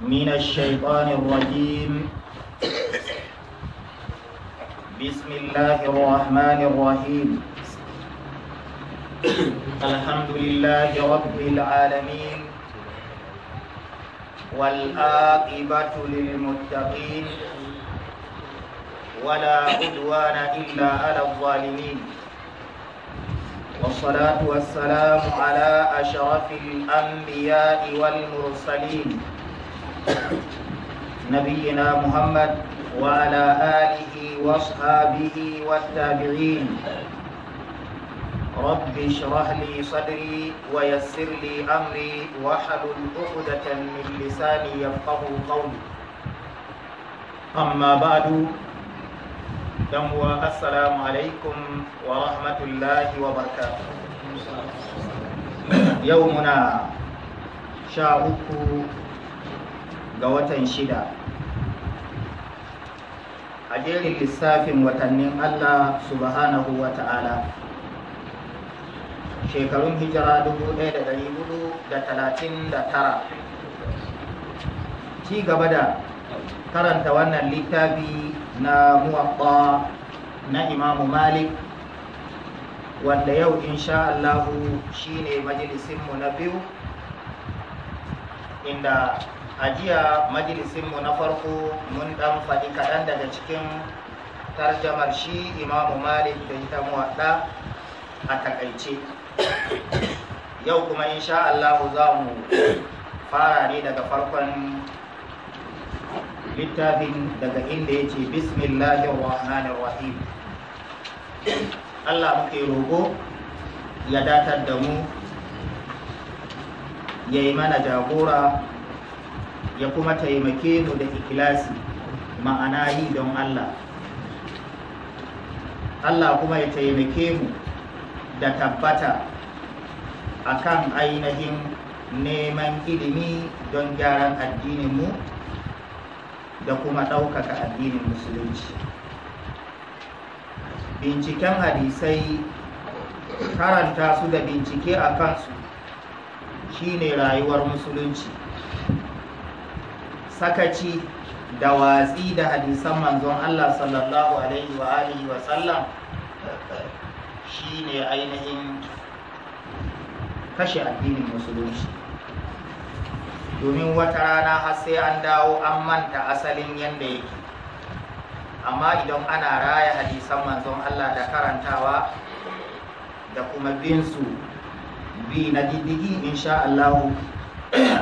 من الشيطان الرجيم بسم الله الرحمن الرحيم الحمد لله رب العالمين والآقبة للمتقين ولا عدوان إلا على الظالمين والصلاة والسلام على أشرف الأنبياء والمرسلين نبينا محمد وعلى آله وأصحابه والتابعين رب اشرح لي صدري ويسر لي أمري واحلل عقدة من لساني يفقه قولي أما بعد yanwa assalamu alaikum wa rahmatullahi wa barakatuh yau ga watan shida a jerin lissafin watannin Allah subhanahu wa ta'ala shekarun hijira 1439 ci gaba da karanta wannan littafi na muwaɓɓa na imamu malik wanda yau insha Allahu shine majalisinmu na biyu inda a jiya majalisinmu na farko mun dan faɗi kaɗan daga cikin tarjamar shi imamu malik da ita muwaɗa a takaice yau kuma insha Allah za mu fara ne daga farkon littafin daga inda ya ce bismillahir Allah muke rogo ya datar da mu ya yi mana jagora ya kuma taimake mu da ikilasi ma'ana yi don Allah Allah kuma ya taimake mu da tabbata a kan ainihin neman ilimi don gyaran addininmu da kuma ɗaukaka addinin musulunci binciken hadisai karanta su da bincike a kansu shine rayuwar musulunci sakaci da watsi da hadisan manzon Allah sallallahu alaihi wa alihi wa sallam shine ainihin kashe addinin musulunci domin wata rana har sai an dawo an manta asalin yadda yake amma idan ana raya hadisan manzon Allah da karantawa da kuma bin su bi na diddigi insha Allah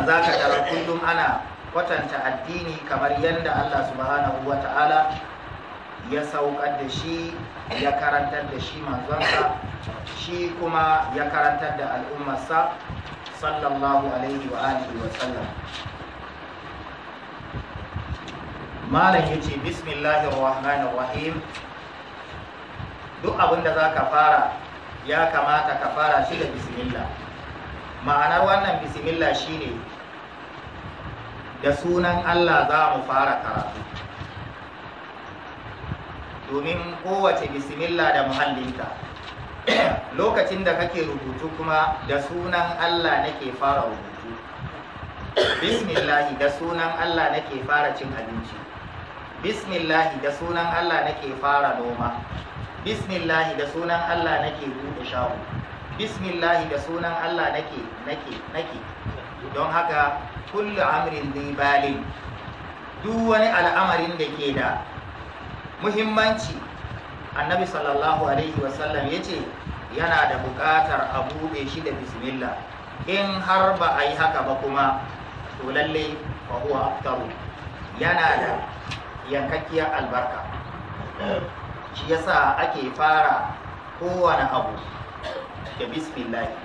za ka kullum ana kwatanta addini kamar yadda Allah subhanahu wa ta'ala ya saukar da shi ya karantar da shi manzonsa shi kuma ya karantar da al'ummarsa sallallahu alaihi wa alihi wa sallam malam ya ce bismillahir rahmanir rahim duk abin da za ka fara ya kamata ka fara shi da bismillah ma'anar wannan bismillah shine da sunan Allah za mu fara karatu domin kowace bismillah da muhallinta lokacin da kake rubutu kuma da sunan Allah nake fara rubutu bismillahi da sunan Allah nake fara cin abinci bismillahi da sunan Allah nake fara noma bismillahi da sunan Allah nake buɗe shago bismillahi da sunan Allah nake nake nake don haka kullu amrin zibalin duk wani al'amarin da ke da muhimmanci annabi sallallahu alaihi wasallam ya ce yana da buƙatar a buɗe shi da bismillah in har ba a yi haka ba kuma to lallai fa huwa aftaru yana da yankakkiyar albarka shi yasa ake fara kowane abu da bismillah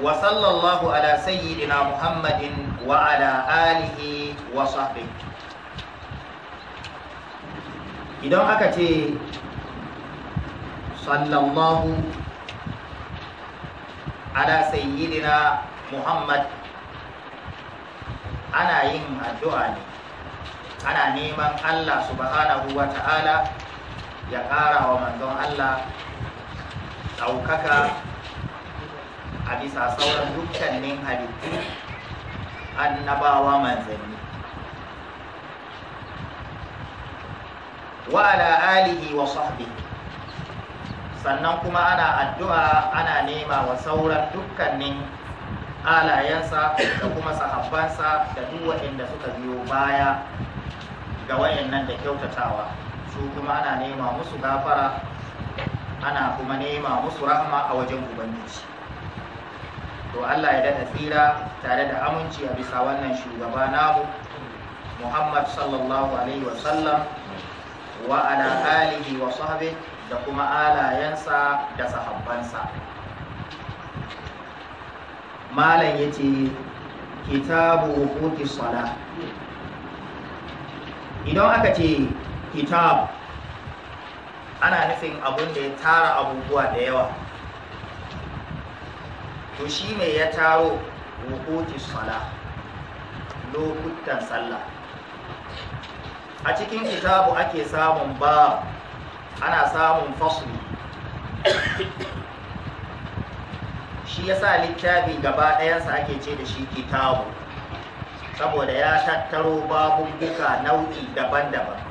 wa sallallahu ala sayyidina muhammadin wa alihi wa sahbihi idan aka ce sallallahu ala sayyidina muhammad ana yin addu'a ne ana neman allah subhanahu wa ta'ala ya ƙara wa manzon allah ɗaukaka a bisa sauran dukkanin halittu annabawa manzanni wa ala alihi wa sahbihi sannan kuma ana addu'a ana nema wa sauran dukkanin alayensa da kuma sahabbansa da duk waɗanda suka biyo baya ga wayannan da kyautatawa su kuma ana nema musu gafara ana kuma nema musu rahma a wajen ubangiji to Allah ya dada tsira tare da aminci a bisa wannan shugaba namu Muhammad sallallahu alaihi wa sallam wa ala alihi wa da kuma alayensa da sahabbansa malam yace kitabu hukuki sala idan aka ce kitab ana nufin abun da ya tara abubuwa da yawa to shi ne ya taro wukuti sala lokutan sallah a cikin kitabu ake samun ba ana samun fasli shi ya sa littafi gaba ɗayansa ake ce da shi kitabu saboda ya tattaro babubuka nau'i daban-daban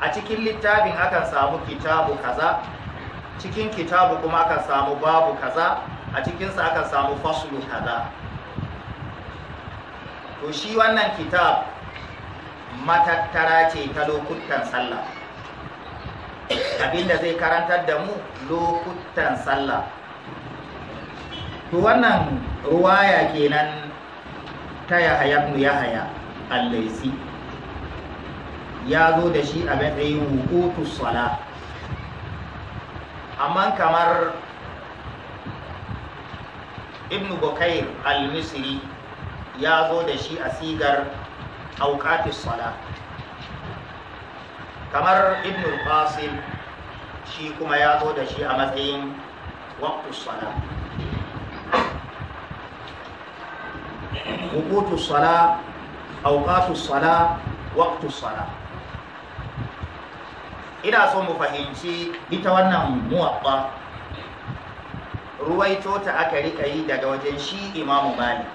a cikin littafin akan samu kitabu kaza cikin kitabu kuma akan samu babu kaza a cikinsa aka samu fasulu kaza to shi wannan kitab matattara ce ta lokutan sallah abinda zai karantar da mu lokutan sallah to wannan ruwaya kenan ta yahaya ibn yahaya al ya zo da shi a matsayin wuqutus sala amma kamar ibn bukair al-misri ya zo da shi a sigar auqatis sala kamar ibn al shi kuma ya zo da shi a matsayin waqtus sala wuqutus sala auqatus sala waqtus sala ina so mu fahimci ita wannan muwaffa ruwaito ta aka rika yi daga wajen shi imamu malik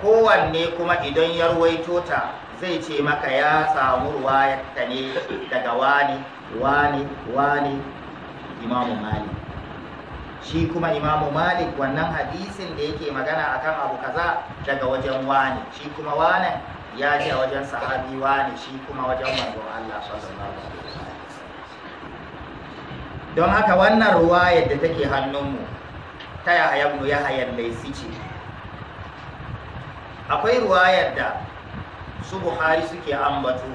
kowanne kuma idan ya ruwaito ta zai ce maka ya samu ruwayarta ne daga wani wani wani imamu malik shi kuma imamu malik wannan hadisin da yake magana akan abu kaza daga wajen wani shi kuma wani ya ce wajen sahabi wani shi kuma wajen manzon Allah sallallahu alaihi don haka wannan ruwayar da take hannunmu ta yahaya ya yahaya laisi ce akwai ruwayar da su buhari suke ambato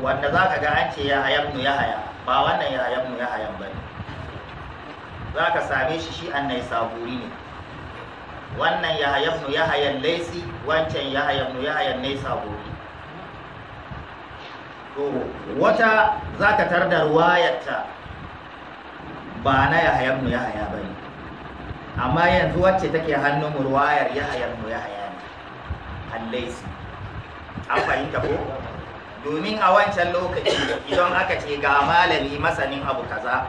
wanda za ka ga an ce yahaya ya yahaya ba wannan yahaya ya yahaya ba ne za ka same shi shi nai saburi ne wannan yahaya ya yahaya laisi wancan yahaya ya yahaya nai saburi wata za ka tar da ruwayarta ba na mu ya yahaya ba ne amma yanzu wacce take hannun ruwayar mu ya yahaya ne hallaisi an fahimta ko domin a wancan lokaci idan aka ce ga malami masanin abu kaza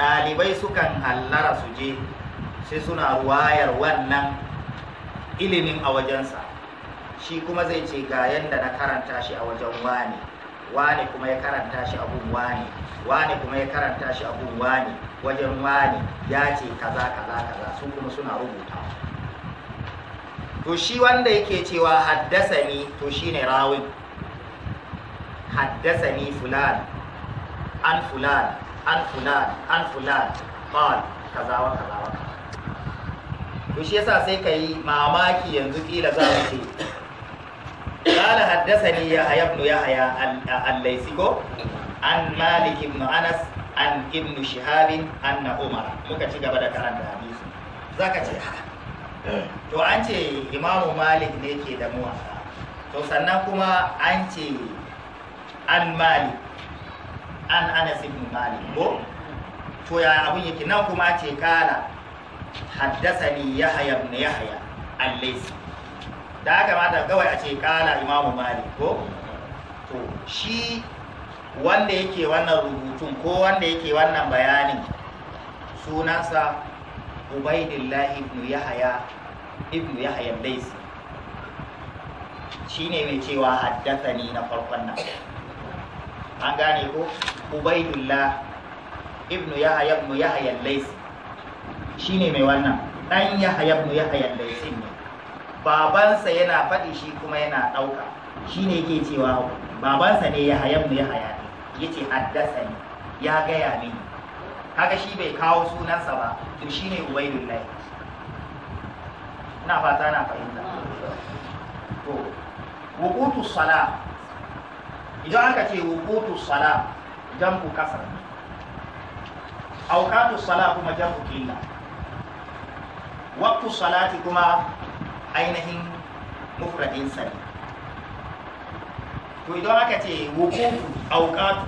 ɗalibai sukan hallara su je sai suna ruwayar wannan ilimin a wajensa shi kuma zai ce ga yadda na karanta shi a wajen wani wane kuma ya karanta shi abun wane wane kuma ya karanta shi abun wane wajen wane ya ce kaza kaza kaza su kuma suna rubuta to shi wanda yake cewa haddasa ni to shine rawin haddasa ni fulan an fulan an fulan an fulan qal kaza wa kaza wa to shi yasa sai yi mamaki yanzu kila za mu ce قال حدثني يحيى بن يحيى الليثي عن مالك بن انس عن ابن شهاب ان عمر muka ci gaba da karanta hadisi zaka ce to an ce imamu malik ne ke da muwa, to sannan kuma an ce an malik an anas ibn malik ko to ya abun yake nan kuma ce kala haddasani yahya ibn yahya al-laysi da aka mata kawai a ce kala imamu malik ko to shi wanda yake wannan rubutun ko wanda yake wannan bayanin sunansa ubaidillahi ibn yahaya ibn yahaya shi shine mai cewa haddasa ni na farkon nan an gane ko ubaidullah ibn yahaya ibn yahaya shi shine mai wannan dan yahaya ibn yahaya laisi ne babansa yana faɗi shi kuma yana ɗauka shi ne ke cewa babansa ne ya hayan mu ya haya ne ya ce haddasa ne ya gaya mini kaga shi bai kawo sunansa ba to shi ne ubaidullahi ina fata na fahimta to wukutu sala idan aka ce wukutu sala jam'u kasa aukatu sala kuma jam'u killa waqtu salati kuma ainihin mufradinsa ne to idan aka ce wukufu auqatu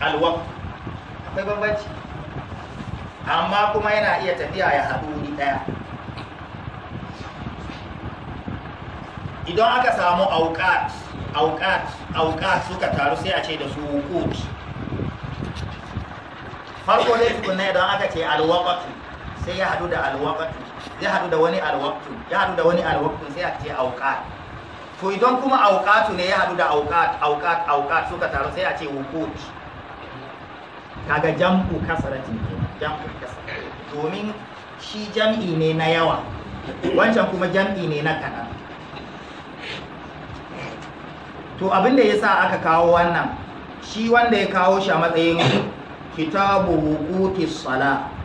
alwaq akwai bambanci amma kuma yana iya tafiya ya haɗu ni ɗaya idan aka samu auqat auqat auqat suka taru sai a ce da su wukut farko dai tukunna idan aka ce alwaqatu sai ya haɗu da alwaqatu zai haɗu da wani alwaktu ya haɗu da wani alwaktu sai a ce auqat to idan kuma auqatu ne ya haɗu da auqat auqat auqat suka taru sai a ce wuqut kaga jam'u kasarati ne jam'u kasarati domin shi jam'i ne na yawa wancan kuma jam'i ne na kaɗan to abin da ya sa aka kawo wannan shi wanda ya kawo shi a matsayin kitabu wuqutis sala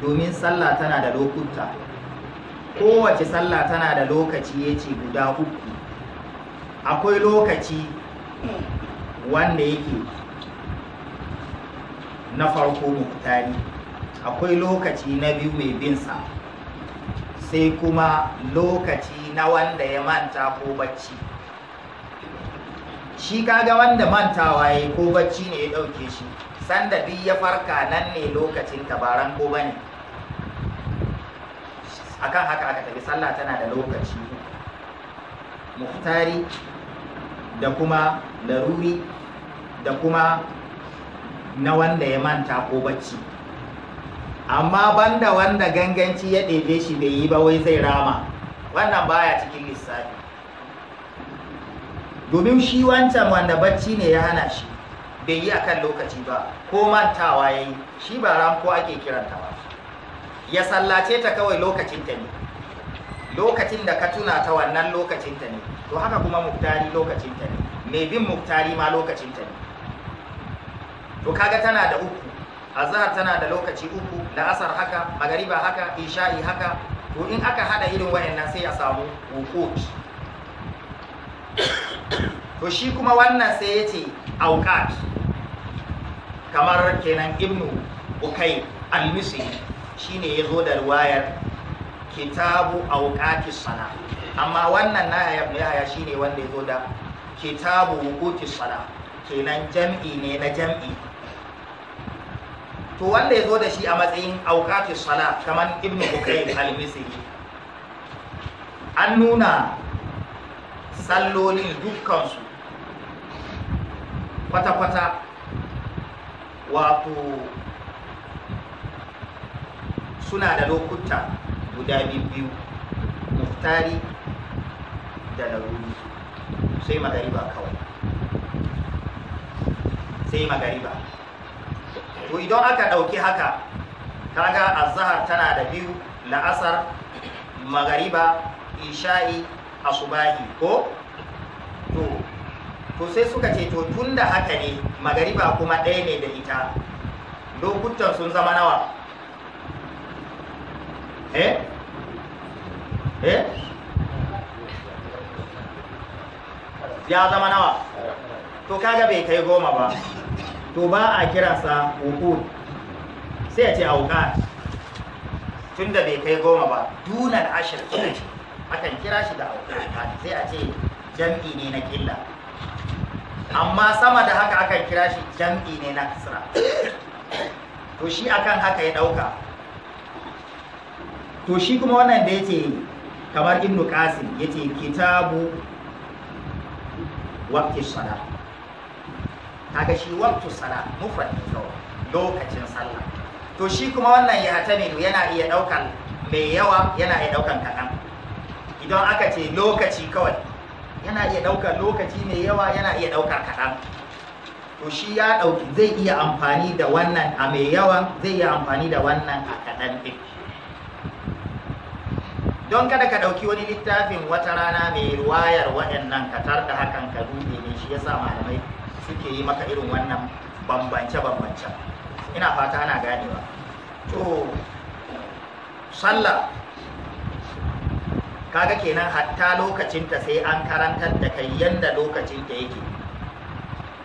domin sallah tana da lokuta kowace sallah tana da lokaci ya ce guda uku akwai lokaci wanda yake na farko muktari akwai lokaci na biyu mai binsa sai kuma lokaci na wanda ya manta ko bacci shi kaga wanda mantawa ya ko bacci ne ya ɗauke shi sanda biyu ya farka nan ne lokacin tabaran ko bane akan haka aka tafi sallah tana da lokaci muftari da kuma laruri da kuma na wanda ya manta ko bacci amma banda wanda ganganci ya ɗebe shi bai yi ba wai zai rama wannan baya cikin lissafi domin shi wancan wanda bacci ne ya hana shi bai yi akan lokaci ba ko mantawa ya yi shi ba ko ake kiranta ba ya sallace ta kawai lokacin ta ne lokacin da ka tuna ta wannan lokacin ta ne to haka kuma muktari lokacin ta ne mai bin muktari ma lokacin ta ne to kaga tana da uku azhar tana da lokaci uku la'asar haka magariba haka isha'i haka to in aka hada irin wayannan sai a samu wuqut to shi kuma wannan sai yace auqat kamar kenan ibnu ukay al-misri shine ya zo da ruwayar kitabu auqati sana amma wannan na ya shi shine wanda ya zo da kitabu wuquti sana kenan jam'i ne na jam'i to wanda ya zo da shi a matsayin auqati sana kamar ibnu bukayn al-misri an nuna sallolin dukkansu kwata-kwata wato suna da lokuta guda biyu muftari da laruri sai magariba kawai sai magariba to idan aka ɗauki haka kaga azahar tana da biyu la'asar magariba isha'i asubahi ko to to sai suka ce to tun da haka ne magariba kuma ɗaya ne da ita lokutan sun zama nawa eh eh ya zama nawa to kaga bai kai goma ba to ba a kiransa hukun. sai ya ce auqat tunda bai kai goma ba dunan ashir akan kira shi da auqat sai a ce jam'i ne na killa amma sama da haka akan kira shi jam'i ne na kasra to shi akan haka ya dauka to shi kuma wannan da yace kamar ibnu qasim yace kitabu waqti salah kaga shi waqtu salah mufrad ne kawai lokacin sallah to shi kuma wannan ya tamilu yana iya daukan mai yawa yana iya daukan kaɗan idan aka ce lokaci kawai yana iya ɗaukar lokaci mai yawa yana iya ɗaukar kaɗan to shi ya ɗauki zai iya amfani da wannan a mai yawa, zai iya amfani da wannan a kaɗan ɗin don kada ka ɗauki wani littafin wata rana mai ruwayar waɗannan katar da hakan ka dutse ne shi yasa malamai suke yi maka irin wannan bambance-bambance ina fata ana ganewa to sallah kaga kenan hatta lokacinta sai an karantar da kai yadda lokacinta yake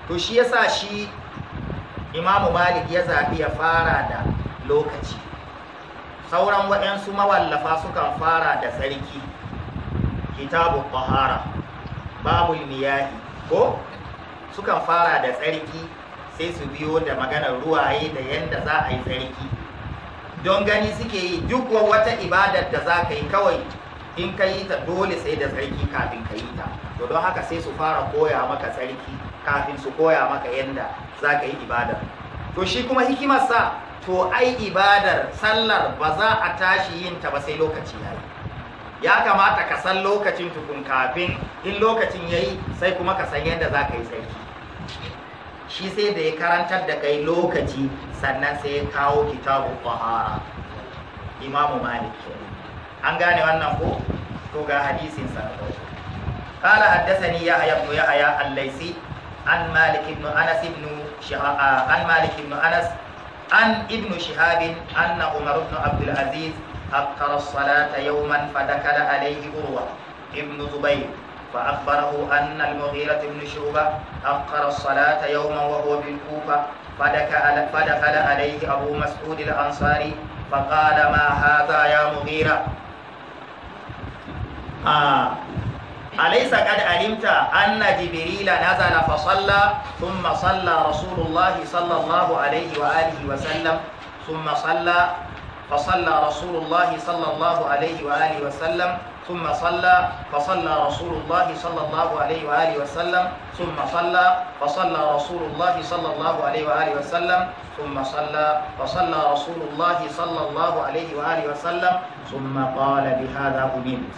to shi yasa shi imamu malik ya zaɓi ya fara da lokaci sauran waɗansu mawallafa sukan fara da sarki kitabu ƙahara babul miyahi ko sukan fara da tsarki sai su biyo da maganar ruwaye da yadda za a yi tsarki don gani suke yi duk wata ibadar da za ka yi kawai in ka yi ta dole sai da tsarki kafin ka yi ta to don haka sai su fara koya maka tsarki kafin su koya maka yadda za ka yi ibadar to shi kuma hikimarsa to ai ibadar sallar ba za a tashi yin ta ba sai lokaci ya yi ya kamata ka san lokacin tukun kafin in lokacin ya yi sai kuma ka san yadda za ka yi tsarki shi sai da ya karantar da kai lokaci sannan sai ya kawo kitabu fahara imamu malik an gane wannan ko to ga hadisin sa قال حدثني يحيى ya يحيى الليثي عن مالك بن انس بن عن مالك بن انس an ibnu shihabin anna umar ibn abdul aziz أبقر الصلاة يوما فدخل عليه أروى ابن زبير فأخبره أن المغيرة بن شعبة أبقر الصلاة يوما وهو بالكوفة فدخل, فدخل عليه أبو مسعود الأنصاري فقال ما هذا يا مغيرة آه أليس قد علمت أن جبريل نزل فصلى ثم صلى رسول الله صلى الله عليه وآله وسلم ثم صلى فصلى رسول الله صلى الله عليه وآله وسلم ثم صلى فصلى رسول الله صلى الله عليه وآله وسلم ثم صلى فصلى رسول الله صلى الله عليه وآله وسلم ثم صلى فصلى رسول الله صلى الله عليه وآله وسلم ثم قال بهذا أمنت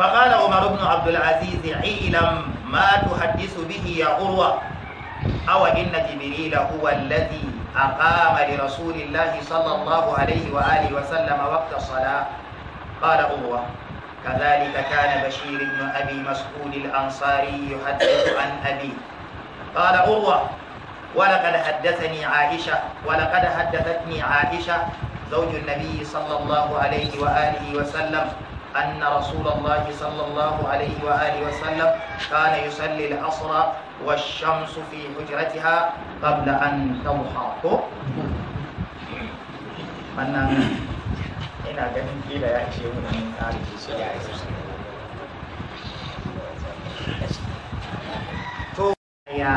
فقال عمر بن عبد العزيز عيلم ما تحدث به يا عروة أو إن جبريل هو الذي أقام لرسول الله صلى الله عليه وآله وسلم وقت الصلاة قال عروة كذلك كان بشير بن أبي مسعود الأنصاري يحدث عن أبيه قال عروة ولقد حدثني عائشة ولقد حدثتني عائشة زوج النبي صلى الله عليه وآله وسلم أن رسول الله صلى الله عليه وآله وسلم كان يصلي العصر والشمس في حجرتها قبل أن تضحى wannan ina ganin kila ya ce muna min ƙari shi ya yi to ya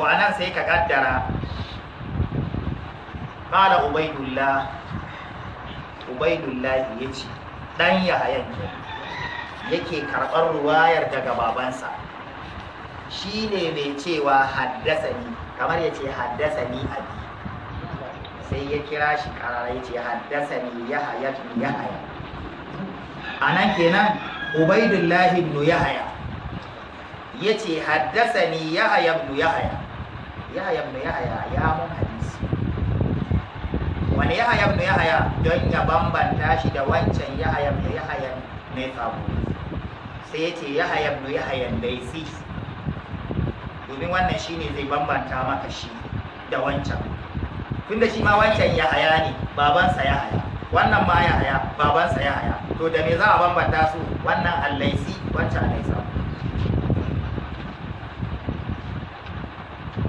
ya sai ka kaddara qala ubaidullah ubaidullah yace dan ne yake karɓar ruwayar daga babansa shi ne mai cewa haddasani kamar ya ce haddasani abi sai ya kira shi karara ya ce haddasani yahaya ya yahaya a nan kenan ubaidullahi ibn yahaya ya ce haddasani yahaya ibn yahaya yahaya ibn yahaya ya mun wani yahaya ibn yahaya don ya bambanta shi da wancan yahaya ibn yahaya mai sabo sai yace yahaya ibn yahaya laisi domin wannan shi ne zai bambanta maka shi da wancan tunda shi ma wancan yahaya ne babansa yahaya wannan ma yahaya babansa yahaya to da me za a bambanta su wannan allaisi wancan allaisa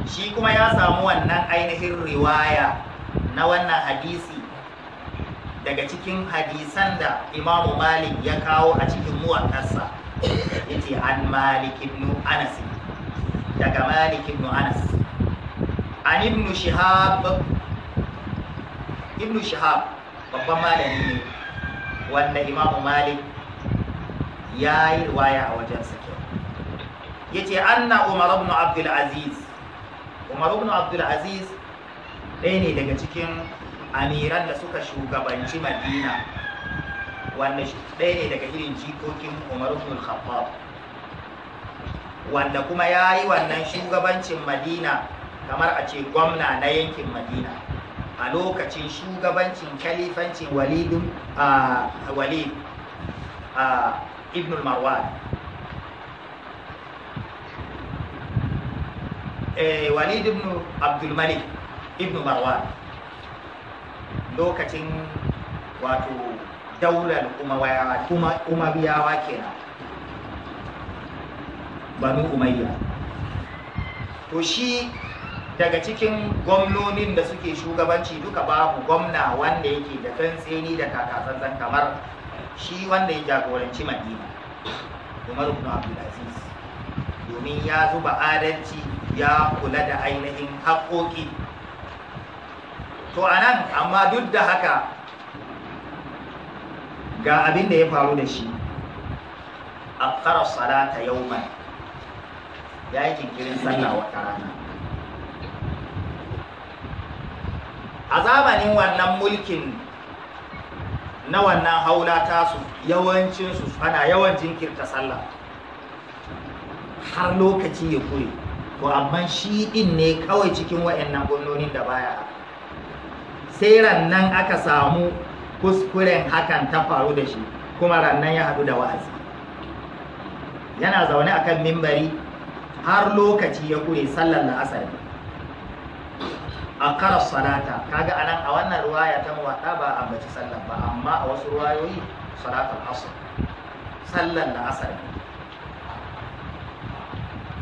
shi kuma ya samu wannan ainihin riwaya na wannan hadisi daga cikin hadisan da imamu malik ya kawo a cikin muwakarsa ya ce an malik ibn anas daga malik ibn anas an ibn shihab ibn shihab babban malami ne wanda imamu malik ya yi riwaya a wajen kyau ya ce anna umar ibn abdul aziz umar ibn abdul aziz ɗaya ne daga cikin amiran da suka shugabanci madina wanda ɗaya ne daga irin jikokin umar ibn khattab wanda kuma ya yi wannan shugabancin madina kamar a ce gwamna na yankin madina a lokacin shugabancin kalifancin eh, walid ibn marwan walid ibn abdulmalik ibn marwan lokacin wato daular umawiyawa kenan banu umayya to shi daga cikin gwamnonin da suke shugabanci duka babu gwamna wanda yake da tsantseni da kakasantan kamar shi wanda ya jagoranci madina umar ibn abdulaziz domin ya zuba adalci ya kula da ainihin haƙoƙi to anan amma duk da haka ga abin da ya faru da shi a fara salata mai ya yi kinkirin sallah wata rana a zamanin wannan mulkin na wannan haula tasu yawancinsu ana yawan jinkirta sallah har lokaci ya kure to amma shi ɗin ne kawai cikin wa'annan gwamnonin da baya haka sai rannan aka samu kuskuren hakan ta faru da shi kuma rannan ya haɗu da wa'azi yana zaune akan mimbari har lokaci ya kure sallar la'asar asali. a karar salata kaga anan a wannan ruwaya ta muwaɗa ba a bace sallar ba amma a wasu ruwayoyi salatar asar sallar la'asar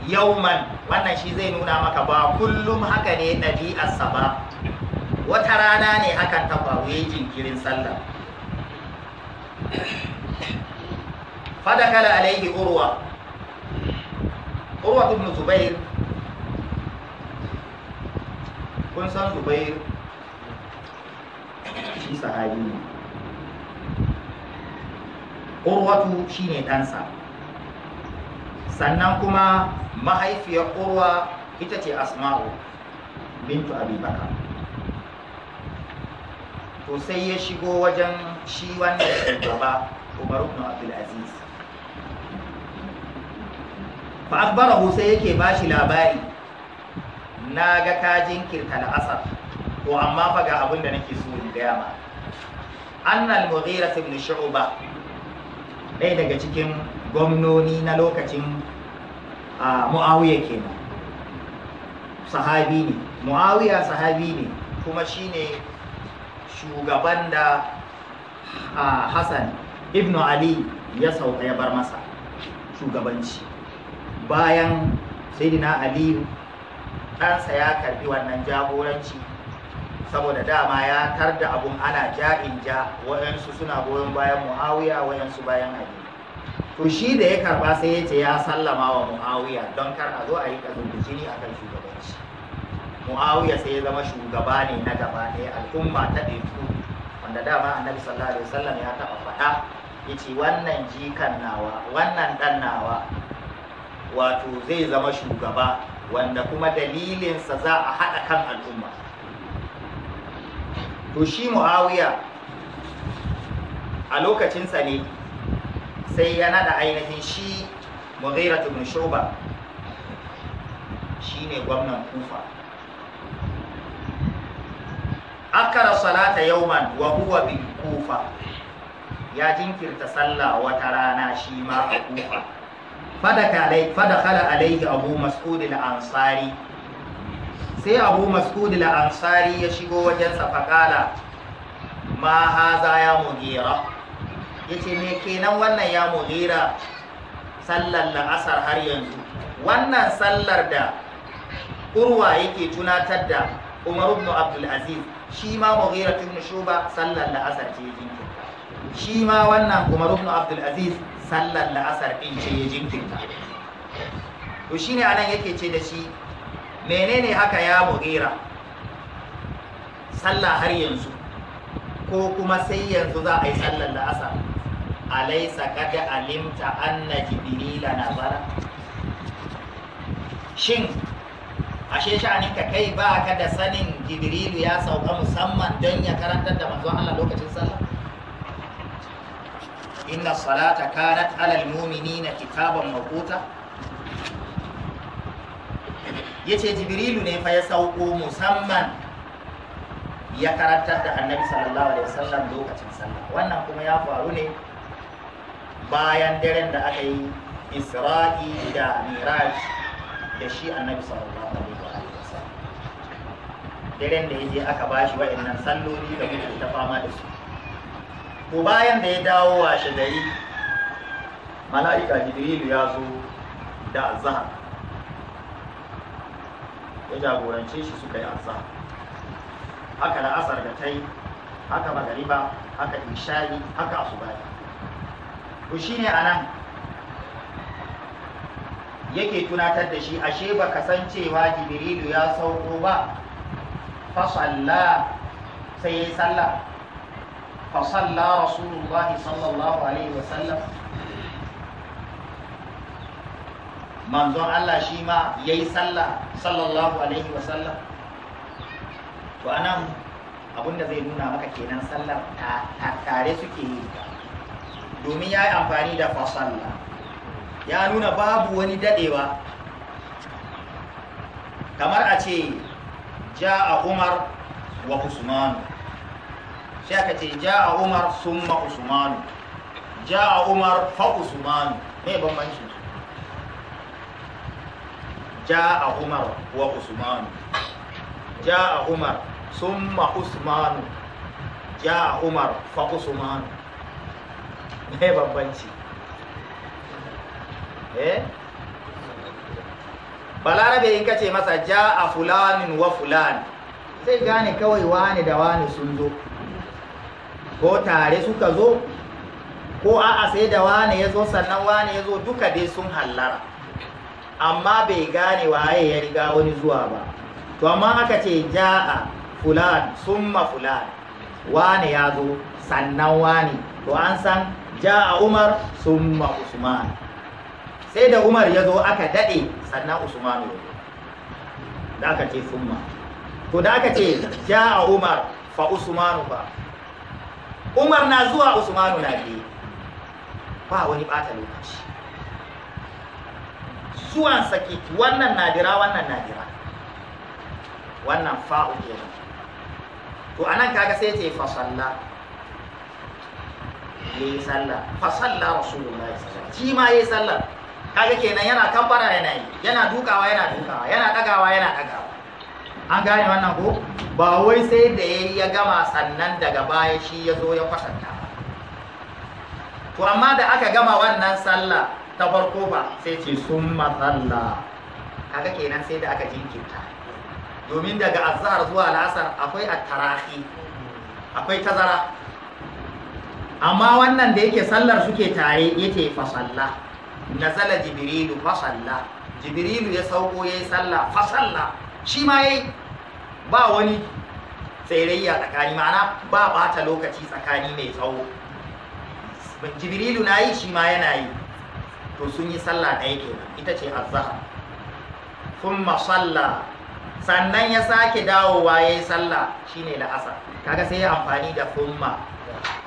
yauman wannan shi zai nuna maka ba kullum haka ne ɗabi'arsa ba wata rana ne aka taba faru yayin jinkirin sallah fadakala alaihi urwa urwa ibn zubair kun san zubair shi sahabi ne urwatu shine ɗansa sannan kuma mahaifiyar urwa ita ce asma'u bintu abubakar to sai ya shigo wajen shi wannan shugaba umar ibn abdul aziz fa akbarahu sai yake bashi labari na ga kajin kirkal asar ko amma fa ga abin da nake so in gaya ma al mughira ibn shu'ba ɗaya daga cikin gwamnoni na lokacin muawiya kenan sahabi ne muawiya sahabi ne kuma shine shugaban da hassan ibn ali ya sauka ya bar masa shugabanci bayan sayyidina aliyu ɗansa ya karbi wannan jagoranci saboda dama ya tar da abun ana ja'in ja wayansu suna goyon bayan muawiya waɗansu bayan ali to shi da ya karba sai ya ce ya sallama wa muawiya don kar a zo a yi kazin jini akan shugaban muawiya sai ya zama shugaba ne na gaba ɗaya al'umma ta ɗaiku wanda dama annabi sallallahu alaihi wasallam ya taɓa faɗa ce wannan jikan nawa wannan ɗan nawa wato zai zama shugaba wanda kuma dalilinsa za a haɗa kan al'umma to shi muawiya a lokacinsa ne sai ya naɗa ainihin shi mughiratu bin shuba shine gwamnan kufa akara salata yauman wa huwa bi kufa ya jinkirta sallah wata rana shi ma a kufa fadakala alaihi abu mas'ud al-ansari sai abu mas'ud al-ansari ya shigo wajen safakala ma haza ya mugira yace me kenan wannan ya mugira sallar la'asar har yanzu wannan sallar da urwa yake tunatar da umar ibn abdul aziz shi ma mughira ibn shuba sallar la'asar ce ya jinkirta shi ma wannan umar ibn abdul aziz sallar la'asar din ce ya jinkirta to shine anan yake ce da shi menene haka ya mughira sallah har yanzu ko kuma sai yanzu za a yi sallar la'asar Alaysa, kada alimta anna jibrila na shin ashe sha'anin ka kai ba ka da sanin jibrilu ya sauka musamman don ya karantar da manzon Allah lokacin sallah inna salata kanat alal mu'minina kitaban mawquta yace jibrilu ne fa ya sauko musamman ya karantar da annabi sallallahu alaihi wasallam lokacin sallah wannan kuma ya faru ne bayan daren da aka yi isra'i da miraj da shi annabi sallallahu daren da ya je aka bashi wa'annan salloli da kuke ta fama da su ko bayan da ya dawo washe gari mala'ika jibrilu ya zo da azhar ya jagorance shi suka yi azhar haka da asar da tai haka magariba haka ishari haka asuba to shine anan yake tunatar da shi ashe ba kasancewa jibrilu ya sauko ba fasalla sai ya yi sallah fasalla rasulullahi sallallahu alaihi wasallam manzon Allah shi ma ya yi tsalla sallallahu alaihi wasallam to anan abinda zai nuna maka kenan sallar ta tare suke yi domin ya yi amfani da fasalla ya nuna babu wani dadewa kamar a ce ja'a umar wa usman sai aka ce ja'a umar summa usman ja'a umar fa usman me bambanci ja'a umar wa usman ja'a umar summa usman ja'a umar fa usman me bambanci eh balarabe in kace masa ja a fulanin wa fulan zai gane kawai wani da wani sun zo ko tare suka zo ko a'a sai da wani ya zo sannan wani ya zo duka dai sun hallara amma bai gane waye ya riga wani zuwa ba to amma aka ce ja a fulan summa fulan wani ya zo sannan wani to an san ja a umar summa usman sai da umar ya zo aka daɗe sannan usmanu da aka ce summa to da aka ce ja a umar fa usmanu ba umar na zuwa usmanu na ke ba wani ɓata lokaci zuwan sake wannan nadira wannan nadira wannan fa'u kenan to a nan kaga sai ce fa salla yayi salla fa salla rasulullahi sallallahu alaihi wasallam ma yayi sallah kaga kenan yana kambara yana yi yana dukawa yana dukawa yana dagawa yana dagawa an gane wannan ko ba wai sai da yayi ya gama sannan daga baya shi ya zo ya kwatanta to amma da aka gama wannan sallah ta farko ba sai ce summa sallah kaga kenan sai da aka jinkirta domin daga azhar zuwa al'asar akwai at-tarahi akwai tazara amma wannan da yake sallar suke tare yake sallah. nazala jibrilu fa salla jibrilu ya sauko yayi sallah fa salla shi ma yayi ba wani tsayayya tsakani ma'ana ba bata lokaci tsakani mai tsawo jibrilu na yi shi ma yana yi to sun yi sallah ɗaya kenan ita ce azhar thumma salla sannan ya sake dawowa ya yi sallah shine la'asar kaga sai ya amfani da thumma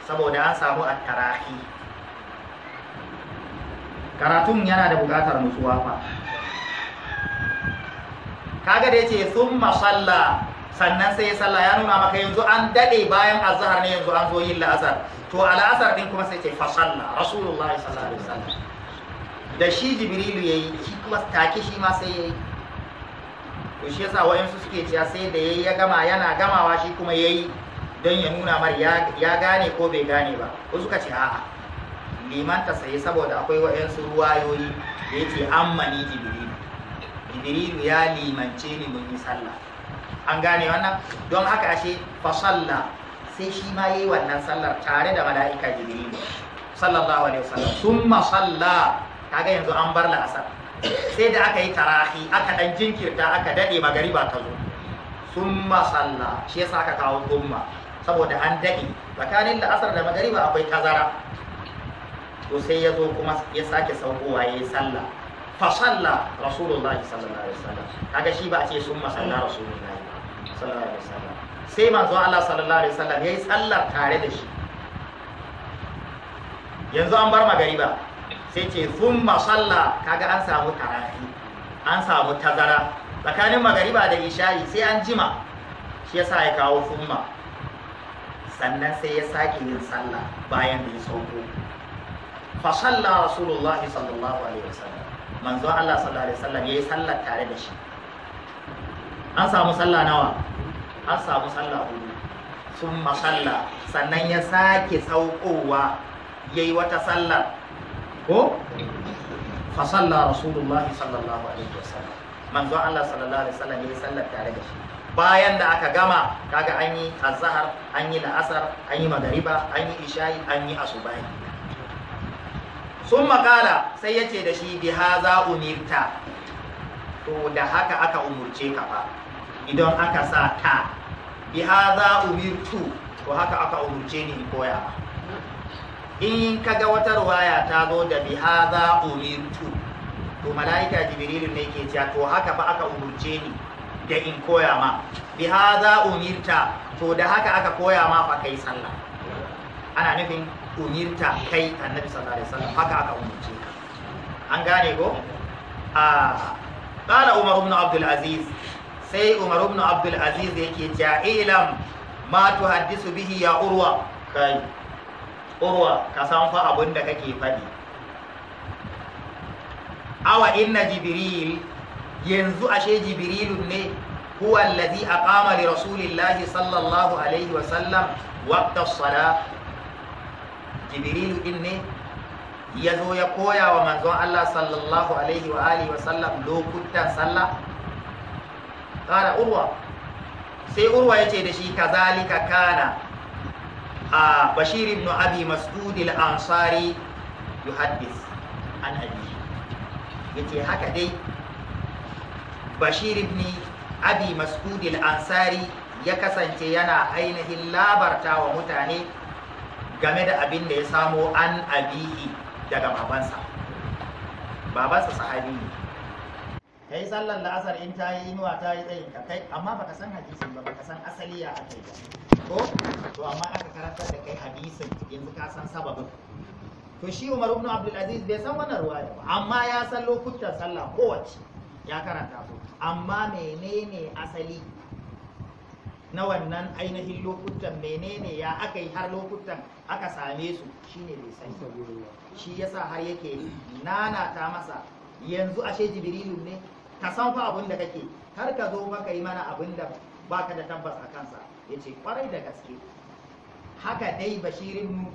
saboda an samu at-tarahi karatun yana da bukatar nutsuwa fa kaga da yace summa salla sannan sai ya salla ya nuna maka yanzu an dade bayan azhar ne yanzu an zo yin la'asar to al'asar din kuma sai ce fa salla rasulullahi sallallahu alaihi wasallam da shi jibrilu yayi shi kuma take shi ma sai yayi to shi yasa wayansu suke cewa sai da yayi ya gama yana gamawa shi kuma yayi don ya nuna mar ya gane ko bai gane ba ko suka ce a'a liman ta saye saboda akwai wa'yansu ruwayoyi da yake ammani Jibril, Jibril ya limance ni mun yi sallah an gane wannan don haka ashe fa sallah sai shi ma yi wannan sallar tare da mala'ika jibrilu sallallahu alaihi wasallam thumma salla kaga yanzu an bar la'asar sai da aka yi tarahi aka dan jinkirta aka dade magariba ta zo thumma salla shi yasa aka kawo thumma saboda an dade tsakanin la'asar da magariba akwai tazara to sai ya zo kuma ya sake saukowa ya yi sallah fa salla rasulullah sallallahu alaihi wasallam kaga shi ba a ce sun masalla rasulullah sallallahu alaihi wasallam sai manzo Allah sallallahu alaihi wasallam yayi sallar tare da shi yanzu an bar magariba sai ce sun masalla kaga an samu tarafi an samu tazara tsakanin magariba da isha'i sai an jima shi yasa ya kawo thumma sannan sai ya sake yin sallah bayan da ya sauko Fasalla salla rasulullahi sallallahu alaihi wasallam manzo Allah sallallahu alaihi wasallam yayi sallar tare da shi an samu salla nawa an samu salla hudu sun masalla sannan ya sake saukowa yayi wata sallar ko fasalla salla rasulullahi sallallahu alaihi wasallam manzo Allah sallallahu alaihi wasallam yayi sallar tare da shi bayan da aka gama kaga an yi azhar an yi la'asar an yi magariba an yi isha'i an yi asubahi sun makala sai ya ce da shi bi haza umirta to da haka aka umurce ka fa idan aka sa ta bi haza umirtu to haka aka umurce ni in koya in kaga wata ruwaya ta zo da bi haza umirtu to mala'ika jibril ne ke cewa to haka fa aka umurce ni da in koya ma bi haza umirta to da haka aka koya ma fa kai sallah ana nufin umirta kai annabi sallallahu alaihi wasallam haka aka umurce ka an gane ko a qala umar ibn abdul aziz sai umar ibn abdul aziz yake cewa ilam ma tuhaddisu bihi ya urwa kai urwa ka san fa abin da kake faɗi awa inna jibril yanzu ashe jibrilun ne huwa allazi aqama li rasulillahi sallallahu alaihi wasallam waqta as-salah jibrilu din ne ya zo ya koya wa manzon Allah sallallahu alaihi wa alihi wa sallam lokutan sallah kana urwa sai urwa yace da shi kazalika kana a bashir ibn abi mas'ud al-ansari yuhaddis an abi yace haka dai bashir ibn abi mas'ud al-ansari ya kasance yana ainihin labarta wa mutane game da abin da ya samo an abihi daga babansa babansa sahabi ne ka yi sallar la'asar in ta yi inuwa ta yi tsayin ka kai amma baka san hadisin ba baka san asali ya aka yi ko to amma aka karantar da kai hadisin yanzu ka san sababin to shi Umar ibn Abdul Aziz bai san wannan ruwaya ba amma ya san lokutan sallah kowace ya karanta su amma menene asali na wannan ainihin lokutan menene ya aka yi har lokutan aka same su shine bai sani shi yasa har yake ta masa yanzu ashe jibrilu ne ka san fa abin da kake har ka zo maka yi mana abin da baka da tabbas a kansa Ya ce kwarai da gaske haka dai bashirin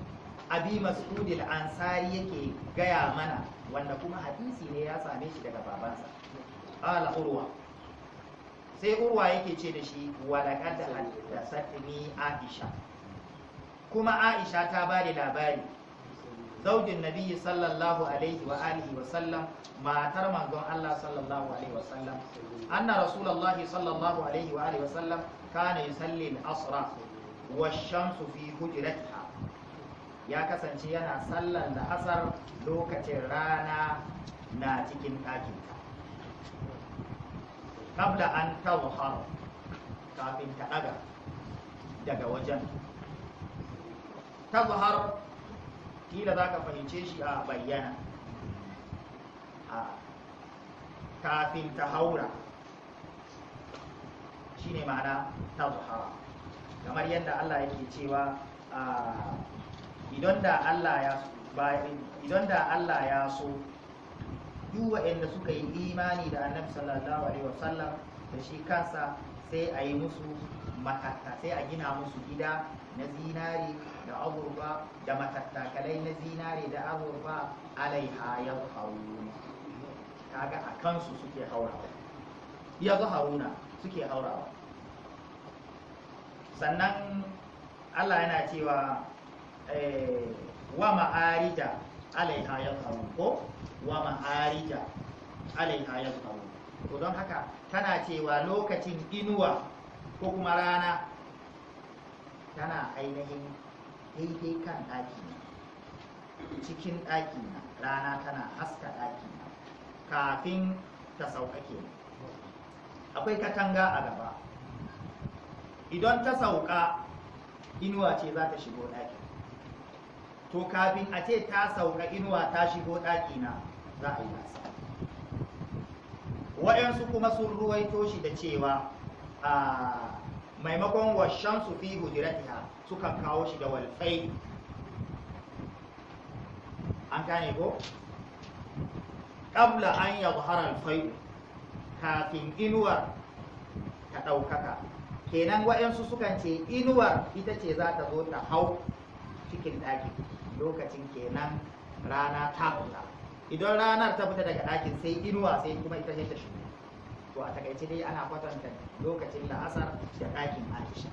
abi mas'udil ansari yake gaya mana wanda kuma hadisi ne ya same shi daga babansa qala urwa sai urwa yake ce da shi da haddathatni aisha kuma aisha ta ba bada labari zaujin nabiyyi sallallahu alaihi wa alihi wa sallam matar manzon Allah sallallahu alaihi wa sallam anna rasulullahi sallallahu alaihi wa alihi wa sallam kana yusalli al-asra wa shamsu fi hujratiha ya kasance yana sallan da asar lokacin rana na cikin ɗakinta qabla an tadhhar kafin ta daga daga wajen tazhar kila ka fahimce shi a bayyana a kafin ta haura shine ma'ana tazhara kamar yadda Allah yake cewa idan da Allah ya so duk waɗanda suka yi imani da annabi sallallahu alaihi wasallam da shi kansa sai a yi musu matatta sai a gina musu gida na zinari da azurfa da kalai na zinari da azurfa alaiha ya zuharuna kaga a kansu suke haurawa ya zuharuna suke haurawa sannan allah yana cewa eh, wa ma'arija alaiha yadharu ko wa ma'arija alaiha yadharu to don haka tana cewa lokacin inuwa ko kuma rana tana ainihin daidai kan ɗaki na cikin ɗaki na rana tana haska ɗaki na kafin ta sauka ke akwai katanga a gaba idan ta sauka inuwa ce za ta shigo ɗakin to kafin a ce ta sauka inuwa ta shigo ɗakina za a yi nasa waɗansu kuma sun ruwaito shi da cewa a maimakon washan su fi hujiratiha suka kawo shi da walfai an gane ko ƙabla an yabhar alfai kafin inuwar ta ɗaukaka kenan waɗansu sukan ce inuwar ita ce za ta zo ta hau cikin ɗakin lokacin kenan rana ta fita idan ranar ta fita daga ɗakin sai inuwa sai kuma ita ta shigo to a takaice dai ana kwatanta lokacin la'asar da ɗakin aisha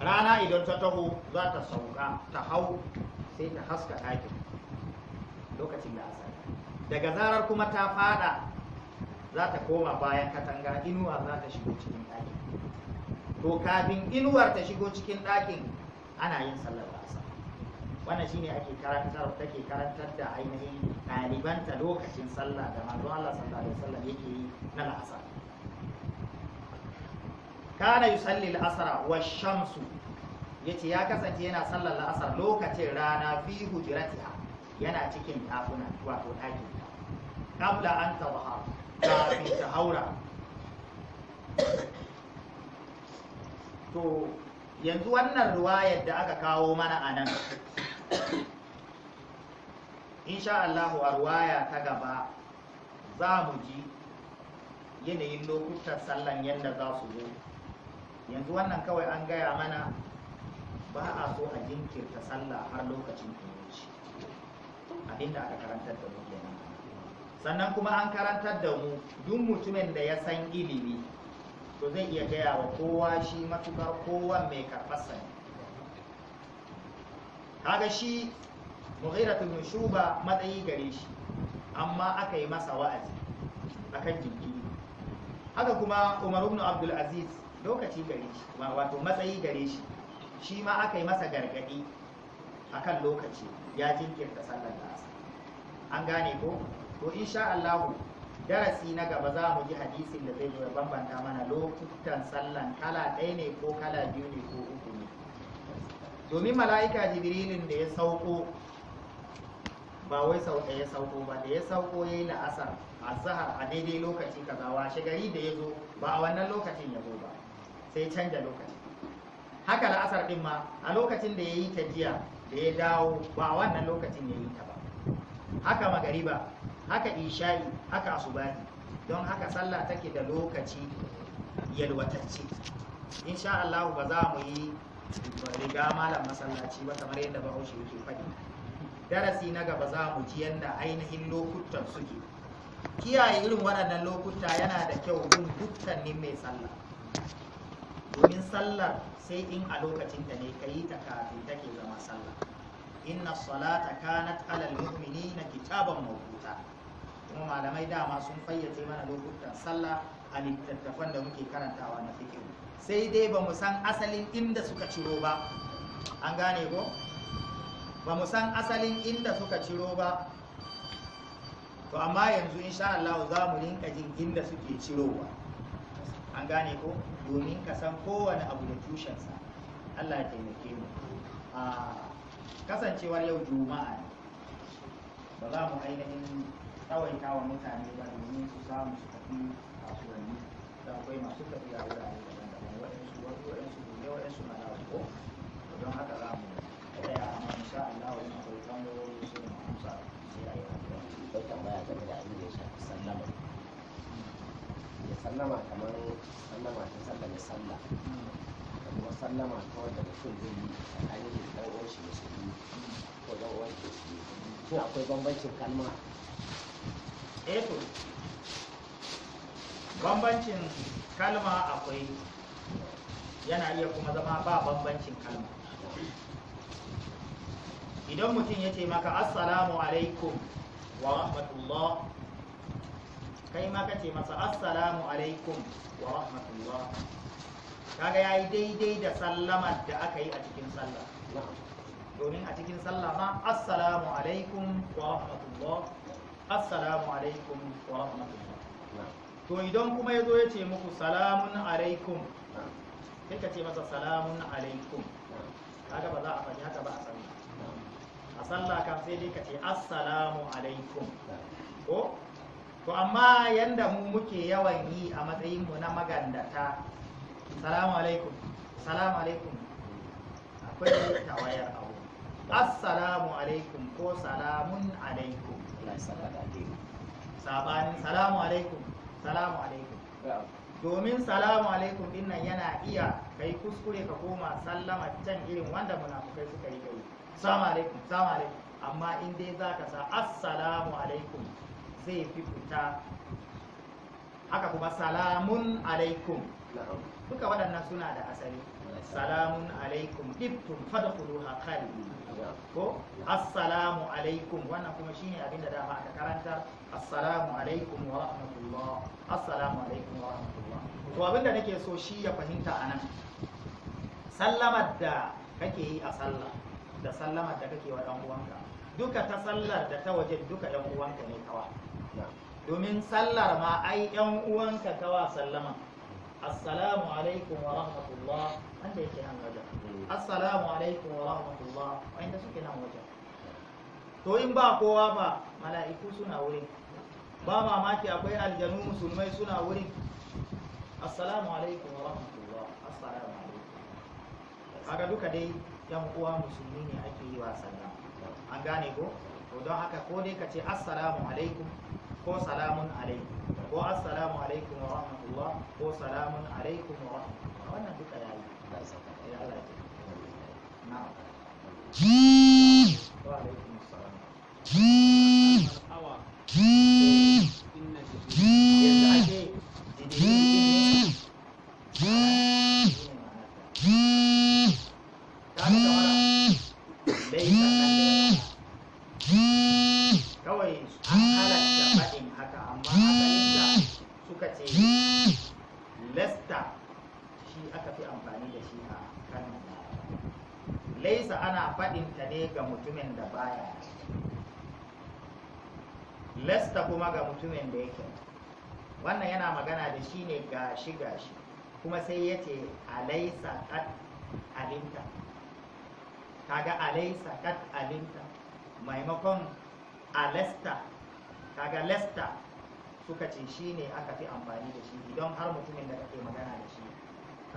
rana idan ta taho za ta sauka ta hau sai ta haska ɗakin lokacin la'asar daga zarar kuma ta fada za ta koma bayan katanga inuwa za ta shigo cikin ɗakin to kafin inuwar ta shigo cikin ɗakin ana yin sallar la'asar wannan shine ake karantar take karantar da ainihin ɗalibanta lokacin sallah da manzo Allah sallallahu alaihi wasallam yake yi na la'asar kana yusalli al wa shamsu yace ya kasance yana sallar la'asar lokacin rana fi hujratiha yana cikin ɗakuna wato ɗakin qabla an tawaha kafin ta haura to yanzu wannan ruwayar da aka kawo mana a nan insha Allahu arwaya ta gaba za mu ji yanayin lokutan sallan yadda za su zo yanzu wannan kawai an gaya mana ba a so a jinkirta sallah har lokacin kunci abinda aka karantar da mu kenan sannan kuma an karantar da mu duk mutumin da ya san ilimi to zai iya gaya wa kowa shi matukar kowa mai karfasa ne kaga shi mughira bin shuba matsayi gare shi amma aka yi masa wa'azi akan jinkiri haka kuma umar ibn abdul aziz lokaci gare shi wato matsayi gare shi shi ma aka yi masa gargadi akan lokaci ya jinkirta sallar asa an gane ko to insha Allah darasi na gaba za mu ji hadisin da zai ya bambanta mana lokutan sallan kala ɗaya ne ko kala biyu ne ko uku ne domin mala'ika jibrilin da ya sauko ba wai sau ɗaya ya sauko ba da ya sauko ya yi la'asar a zahar, a daidai lokaci ka washe gari da ya zo ba a wannan lokacin ya zo ba sai canja lokaci haka la'asar ɗin ma a lokacin da ya yi ta jiya da ya dawo ba a wannan lokacin ya yi ta ba haka magariba haka isha'i haka asubahi don haka sallah take da lokaci yalwatacce insha Allah ba za mu yi riga malam masallaci ba kamar yadda bahaushe yake faɗi darasi na gaba za mu ji yadda ainihin lokutan suke kiyaye irin waɗannan lokuta yana da kyau gun dukkanin mai sallah domin sallar sai in a lokacinta ne ka yi ta kafin take zama sallah inna salata kanat alal mu'minina kitaban mawquta kuma malamai dama sun fayyace mana lokutan sallah a littattafan da muke karantawa na fiqh sai dai ba mu san asalin inda suka ciro ba an gane ko ba mu san asalin inda suka ciro ba to amma yanzu insha Allah za mu rinka jin inda suke ba an gane ko domin ka san kowane abu da tushensa Allah ya taimake mu a kasancewar yau juma'a ne ba za mu ainihin tsawaita wa mutane ba domin su samu su tafi kasuwanni da akwai masu tafiya wurare wa'yansu na nawa ko don haka za mu tsaya amma sa Allah wa wani akwai tambayoyi sai mu amsa sai a yi haɗuwa akwai tambaya game da abin da ya shafi sallama ya sallama kamar sallama ta da sallah da kuma sallama ta wanda mutum zai yi tsakanin da ɗan uwan shi musulmi ko ɗan uwan shi shin akwai bambancin kalma eh to bambancin kalma akwai yana iya kuma zama ba bambancin kalma idan mutum ya ce maka assalamu alaikum wa rahmatullah kai ma ka ce masa assalamu alaikum wa rahmatullah kaga yi daidai da sallamar da aka yi a cikin sallah domin a cikin sallah ma assalamu alaikum wa rahmatullah assalamu alaikum wa rahmatullah to idan kuma ya zo ya ce muku salamun alaikum sai ka ce masa salamun alaikum kaga ba za a faɗi haka ba a sallah a sallah kan sai dai ka ce assalamu alaikum ko to amma yanda mu muke yawan yi a matsayin mu na magandata salamu alaikum salamu alaikum akwai tawayar abu assalamu alaikum ko salamun alaikum sabanin salamu alaikum salamu alaikum domin salamu alaikum din nan yana iya kai kuskure ka koma sallama can irin wanda munafukai suka yi kai salamu alaikum salamu alaikum amma in dai ka sa assalamu alaikum zai fi fita haka kuma salamun alaikum duka waɗannan suna da asali salamun alaikum ibtum fadkhuluha khalidi ko assalamu alaikum wannan kuma shine abin da dama aka karantar assalamu alaikum wa rahmatullah assalamu alaikum wa rahmatullah to abin da nake so shi ya fahimta anan sallamar da kake yi a sallah da sallamar da kake wa dan uwanka duka ta sallar da ta waje duka yan uwanka ne kawa domin sallar ma ai yan uwanka kawa sallama assalamu alaikum wa rahmatullah wanda yake nan wajen assalamu alaikum wa rahmatullah wanda suke nan wajen to in ba kowa ba mala'iku suna wurin ba mamaki akwai aljanu musulmai suna wurin assalamu alaikum wa rahmatullah assalamu alaikum haka duka dai yan uwa musulmi ne ake yi wa sallam an gane ko to don haka ko dai ka ce assalamu alaikum ko salamun alaikum ko assalamu alaikum wa rahmatullah ko salamun alaikum wa rahmatullah wannan duka ya yi da isa ka ya na ya na'am wa alaikum assalam awa kuma sai ya ce alaisa kat alimta kaga alaisa kat alimta maimakon alasta kaga lasta suka ce shi ne aka fi amfani da shi idan har mutumin da kake magana da shi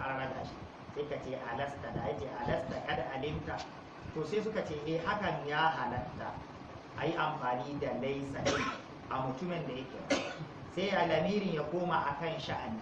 an raga shi sai ka ce alasta da a alasta kada alimta to sai suka ce eh hakan ya halatta a yi amfani da laisa a mutumin da yake sai ya lamirin ya koma akan sha'ani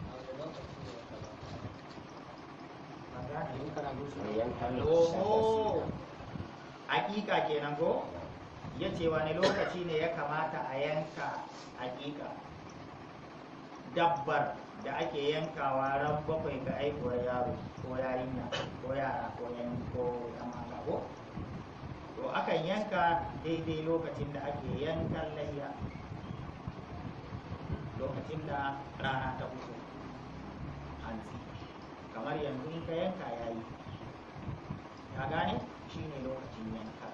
oho hakika kenan ko ya ce wani lokaci ne ya kamata a yanka hakika dabbar da ake yankawa ran bakwai ga aikuwar yaro ko yarinya ko yara ko yan ko mata ko to akan yanka daidai lokacin da ake yankan layya lokacin da rana ta fito hanzi kamar yanzu in ka yanka ya yi ya gane shi ne lokacin yanka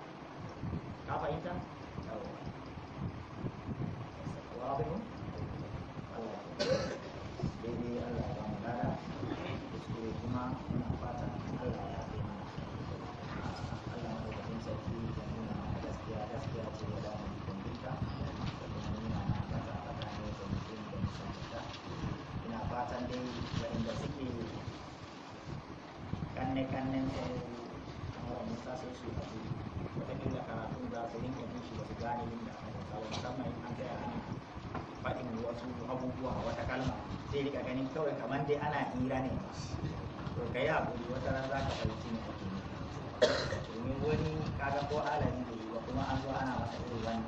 ka fahimta yawon wabin Allah faɗin wasu abubuwa wata kalma sai rika ganin kawai kamar dai ana hira ne to ka yi haƙuri wata ran za ka fahimci ne ake ne domin wani ko alali da yi kuma an zo ana masa wannan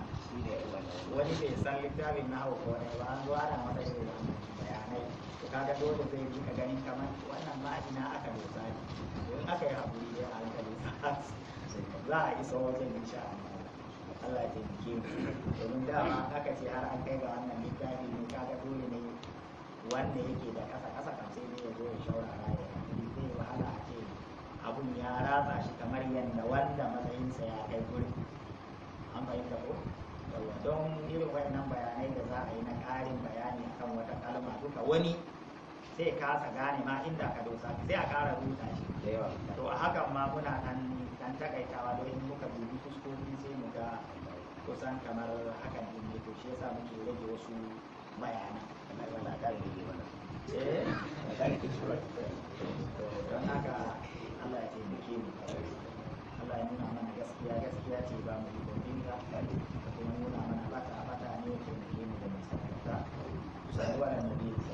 wani bai san littafin na hau ko ba an zo ana masa irin wannan to kaga dole zai rika ganin kamar wannan ma'adina aka dosa ne in aka yi haƙuri dai a hankali za a iso wajen insha Allah ya taimake mu domin dama aka ce har an kai ga wannan littafi ne kaga dole ne wanda yake da ƙasa ƙasa kan sai ne ya zo ya shaura ya haƙuri zai wahala a ce abun ya raba shi kamar yadda wanda matsayinsa ya kai gurin an fahimta ko don irin wayannan bayanai da za a yi na ƙarin bayani kan wata kalma duka wani sai kasa gane ma inda ka dosa sai a ƙara rusa shi to a haka ma muna nan dan takaitawa don in muka dubi fuskoki sai mu ga kusan kamar hakan din ne to shi yasa muke rage wasu bayanan eh? don haka Allah ya taimake mu Allah ya nuna mana gaskiya gaskiya ce ba mu yi domin nuna mana bata a ne ya taimake da mai sarrafa kusa da wannan nabi